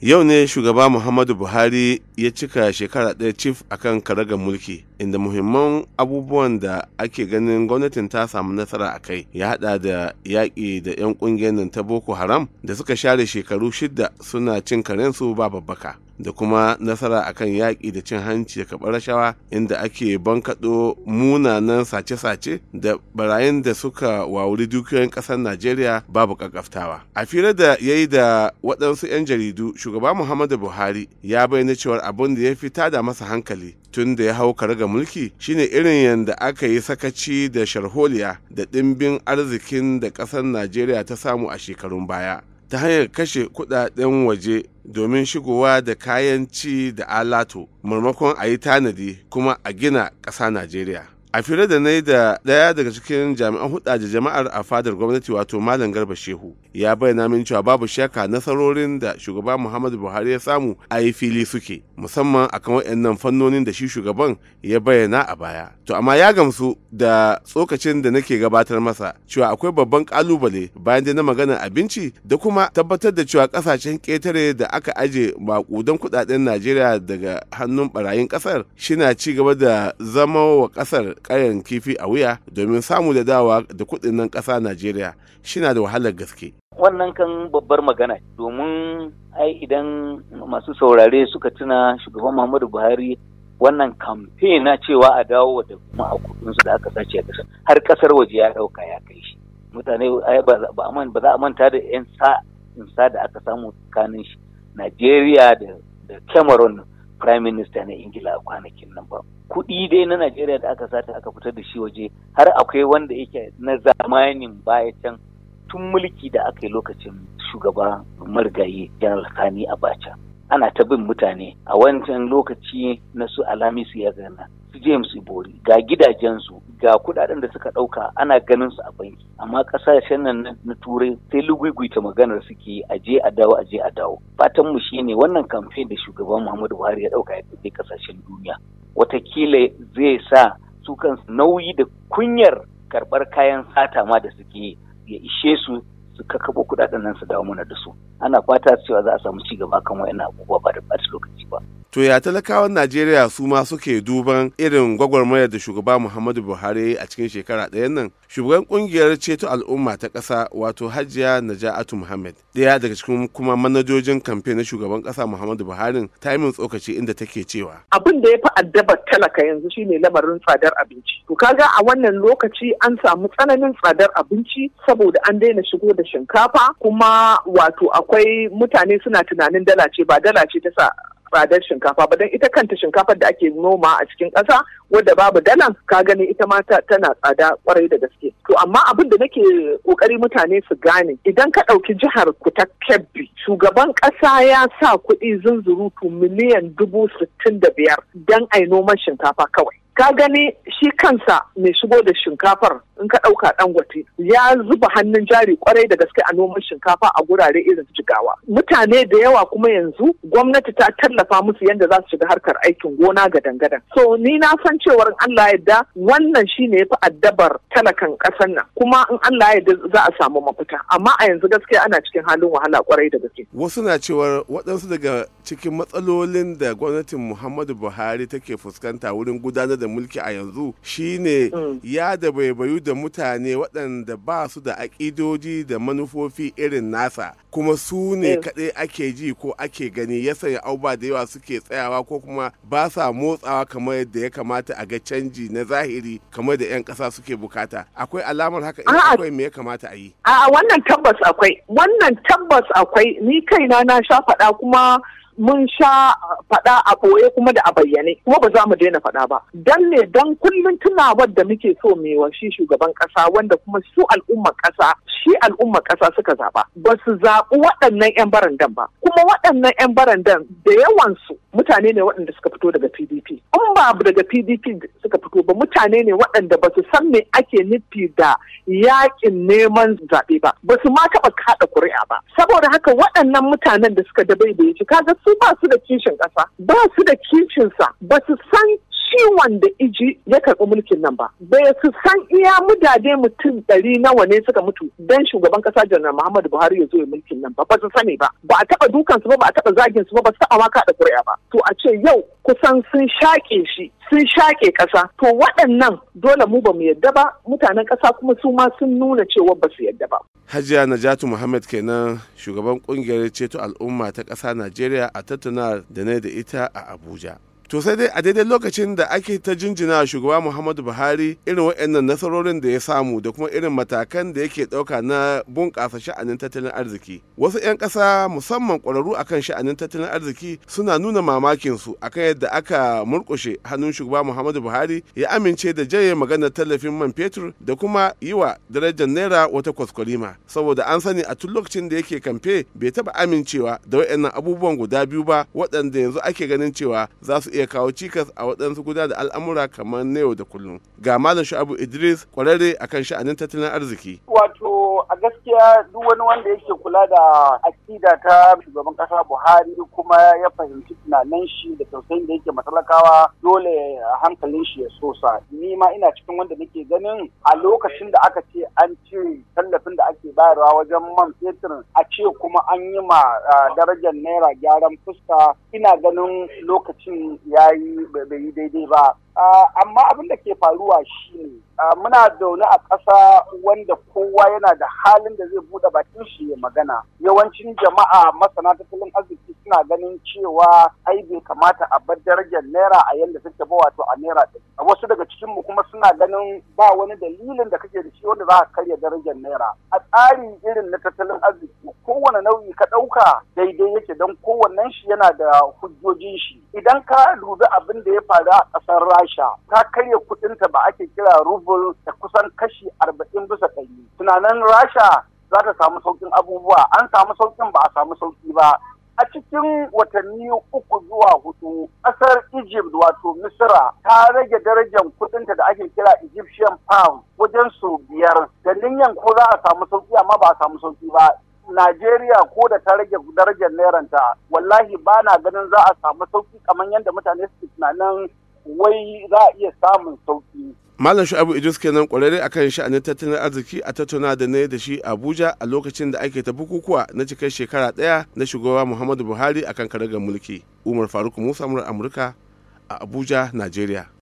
yau ne shugaba muhammadu buhari ya cika shekara ɗaya cif akan karagar mulki inda muhimman abubuwan da ake ganin gwamnatin ta samu nasara a kai ya hada da yaƙi da 'yan ƙungiyar ta boko haram da suka share shekaru shida suna cin karensu ba babbaka da kuma nasara a kan yaƙi da cin hanci da kaɓar rashawa inda ake bankaɗo munanan sace-sace da barayin da suka wawuri dukiyoyin ƙasar najeriya babu ƙaƙaftawa a fira da ya yi da waɗansu 'yan jaridu shugaba muhammadu buhari ya bayyana cewar abin da ya fi tada masa hankali tun da ya hau karga mulki shine irin yadda aka yi sakaci da sharholiya da ɗimbin arzikin da ƙasar najeriya ta samu a shekarun baya ta hanyar kashe kudaden waje domin shigowa da kayan ci da alato maimakon a yi tanadi kuma a gina ƙasa najeriya a fira da na yi da daya daga cikin jami'an hudaje jama'ar a fadar gwamnati wato malam garba shehu ya bayyana min cewa babu shaka nasarorin da shugaba muhammadu buhari ya samu a yi fili suke musamman a akan waɗannan fannonin da shi shugaban ya bayyana a baya to amma ya gamsu da tsokacin da nake gabatar masa cewa akwai babban kalubale bayan da na magana abinci da kuma tabbatar da cewa kasashen ketare da aka aje makudan kudaden najeriya daga hannun barayin kasar shina ci gaba da zama wa kasar ƙayan kifi a wuya domin samu da dawa da kuɗin nan ƙasa najeriya na da wahalar gaske wannan kan babbar magana domin ai idan masu saurare suka tuna shugaban muhammadu buhari wannan kamfe na cewa a dawo da kuma a kudinsu da aka sace a har ƙasar waje ya ɗauka ya kai shi mutane ba za a manta da 'yan sa da aka samu tsakanin shi najeriya da cameroon prime minister na ingila a kwanakin nan ba kuɗi dai na najeriya da aka sata aka fitar da shi waje har akwai wanda yake na zamanin baya can tun mulki da aka yi lokacin shugaba marigayi general sani abacha ana ta bin mutane a wancan lokaci na su alamisu ya gana James Ibori ga gidajensu ga kudaden da suka dauka ana ganin su a banki amma kasashen nan na turai sai ta maganar suke a je a dawo a je a dawo fatan mu shine wannan kamfen da shugaban Muhammadu Buhari ya dauka ya tafi kasashen duniya watakila zai sa su kansu nauyi da kunyar karbar kayan sata ma da suke ya ishe su su kakkabo kudaden nan su dawo mana da su ana fata cewa za a samu ci gaba kan wayannan abubuwa ba da ɓata lokaci ba. To ya talakawan Najeriya su ma suke duban irin gwagwarmayar da shugaba Muhammadu Buhari a cikin shekara ɗayan nan. Shugaban kungiyar ceto al'umma ta ƙasa wato Hajiya Naja'atu Muhammad. Ɗaya daga cikin kuma manajojin kamfe na shugaban ƙasa Muhammadu Buhari ta yi min tsokaci inda take cewa. Abin da ya fi addaba talaka yanzu shine lamarin tsadar abinci. To ga a wannan lokaci an samu tsananin tsadar abinci saboda an daina shigo da shinkafa kuma wato a akwai mutane suna tunanin dala ce ba dala ce ta sa tsadar shinkafa ba don ita kanta shinkafar da ake noma a cikin ƙasa wadda babu dalan ka gani ita ma tana tsada kwarai da gaske to amma abin da nake kokari mutane su gane idan ka ɗauki jihar kuta kebbi shugaban ƙasa ya sa kuɗi zunzurutu miliyan dubu sittin da biyar don ai noman shinkafa kawai ka gani shi kansa mai shigo da shinkafar in ka ɗauka ɗan gwate. ya zuba hannun jari kwarai da gaske a noman shinkafa a gurare irin jigawa mutane da yawa kuma yanzu gwamnati ta tallafa musu yadda za su shiga harkar aikin gona ga dangadan so ni na san cewar Allah ya yadda wannan shine yafi addabar talakan ƙasar nan kuma in Allah ya yadda za a samu mafita amma a yanzu gaskiya ana cikin halin wahala kwarai da gaske wasu na cewar waɗansu daga cikin matsalolin da gwamnatin Muhammadu Buhari take fuskanta wurin gudanar da mulki a yanzu shine mm. ya da baibayu da mutane waɗanda ba su da aƙidoji da manufofi irin nasa kuma su ne kaɗai ake ji ko ake gani ya sanya auba da yawa suke tsayawa ko kuma ba sa motsawa kamar yadda ya kamata a ga canji na zahiri kamar da 'yan ƙasa suke bukata akwai alamar haka in akwai me ya kamata a yi a wannan tabbas akwai wannan tabbas akwai ni kaina na sha faɗa kuma mun sha uh, faɗa a ɓoye kuma da a bayyane kuma ba za mu daina faɗa ba dan ne dan kullum tunawar da muke so mai wa shi shugaban ƙasa wanda kuma su al'ummar ƙasa shi al'ummar ƙasa suka zaɓa ba su zaɓi waɗannan 'yan barandan ba kuma waɗannan 'yan barandan da yawansu mutane ne waɗanda suka fito daga PDP in ba daga PDP suka fito ba mutane ne waɗanda ba su san me ake nufi da yaƙin neman zaɓe ba ba su ma taɓa kaɗa ƙuri'a ba saboda haka waɗannan mutanen da suka dabaibaye shi kaga su ba su da kishin ƙasa ba su da kishinsa ba su san shi wanda iji ya karɓi mulkin nan ba bai su san iya mudade mutum ɗari nawa ne suka mutu don shugaban ƙasa janar muhammadu buhari ya zo ya mulkin nan ba ba su sani ba ba a taɓa dukansu ba ba a taɓa zagin su ba ba su taɓa waka da ƙuri'a ba to a ce yau kusan sun shaƙe shi sun shaƙe ƙasa to waɗannan dole mu ba mu yadda ba mutanen ƙasa kuma su ma sun nuna cewa ba su yadda ba. Hajiya Najatu Muhammad kenan shugaban ƙungiyar ceto al'umma ta ƙasa Najeriya a tattauna da ne da ita a Abuja. to sai dai a daidai lokacin da ake ta jinjina shugaba muhammadu buhari irin waɗannan nasarorin da ya samu da kuma irin matakan da yake ɗauka na bunƙasa sha'anin tattalin arziki wasu 'yan ƙasa musamman ƙwararru akan sha'anin tattalin arziki suna nuna mamakin su akan yadda aka murkushe hannun shugaba muhammadu buhari ya amince da jaye maganar tallafin man fetur da kuma yi wa darajar naira wata kwaskwarima saboda an sani a tun lokacin da yake kamfe bai taɓa amincewa da waɗannan abubuwan guda biyu ba waɗanda yanzu ake ganin cewa za su iya kawo cikas a waɗansu guda da al'amura kamar na yau da kullum. Ga Malam shu'abu Idris kwararre akan sha'anin tattalin arziki. Wato gaskiya duk wani wanda yake kula da akida ta shugaban kasa Buhari kuma ya fahimci tunanin shi da tausayin da yake matalakawa dole hankalin shi ya sosa. Ni ma ina cikin wanda nake ganin a lokacin da aka ce an cire tallafin da ake bayarwa wajen man fetur a ce kuma an yi ma darajar naira gyaran fuska ina ganin lokacin ya yi bai yi daidai ba. Amma abin da ke faruwa shi ne muna zaune a ƙasa wanda kowa yana da halin da zai buɗe bakin shi ya magana yawancin jama'a masana tattalin arziki suna ganin cewa ai bai kamata a bar darajar naira a yadda take ba wato a naira ɗari wasu daga cikinmu kuma suna ganin ba wani dalilin da kake da shi wanda za ka karya darajar naira a tsari irin na tattalin arziki kowane nau'i ka ɗauka daidai yake don kowannen shi yana da hujjojin shi idan ka dubi abin da ya faru a ƙasar rasha ta karya kuɗinta ba ake kira rubul da kusan kashi arba'in bisa ɗari tunanin rasha za ta samu sauƙin abubuwa an samu sauƙin ba a samu sauƙi ba a cikin watanni uku zuwa hudu ƙasar egypt wato misira ta rage darajar kudinta da ake kira egyptian pound wajen su biyar da ninyan ko za a samu sauki amma ba a samu sauki ba Najeriya ko da ta rage darajar nairanta wallahi ba na ganin za a samu sauki kamar yadda mutane suke tunanin wai za a iya samun sauki Malam Shu'abu Idris kenan kwararre akan sha'anin tattalin arziki a tattauna da ne da shi Abuja a lokacin da ake ta bukukuwa na cikar shekara ɗaya na shugaba Muhammadu Buhari akan karagar mulki. Umar Faruk Musa Amurka a Abuja, Najeriya.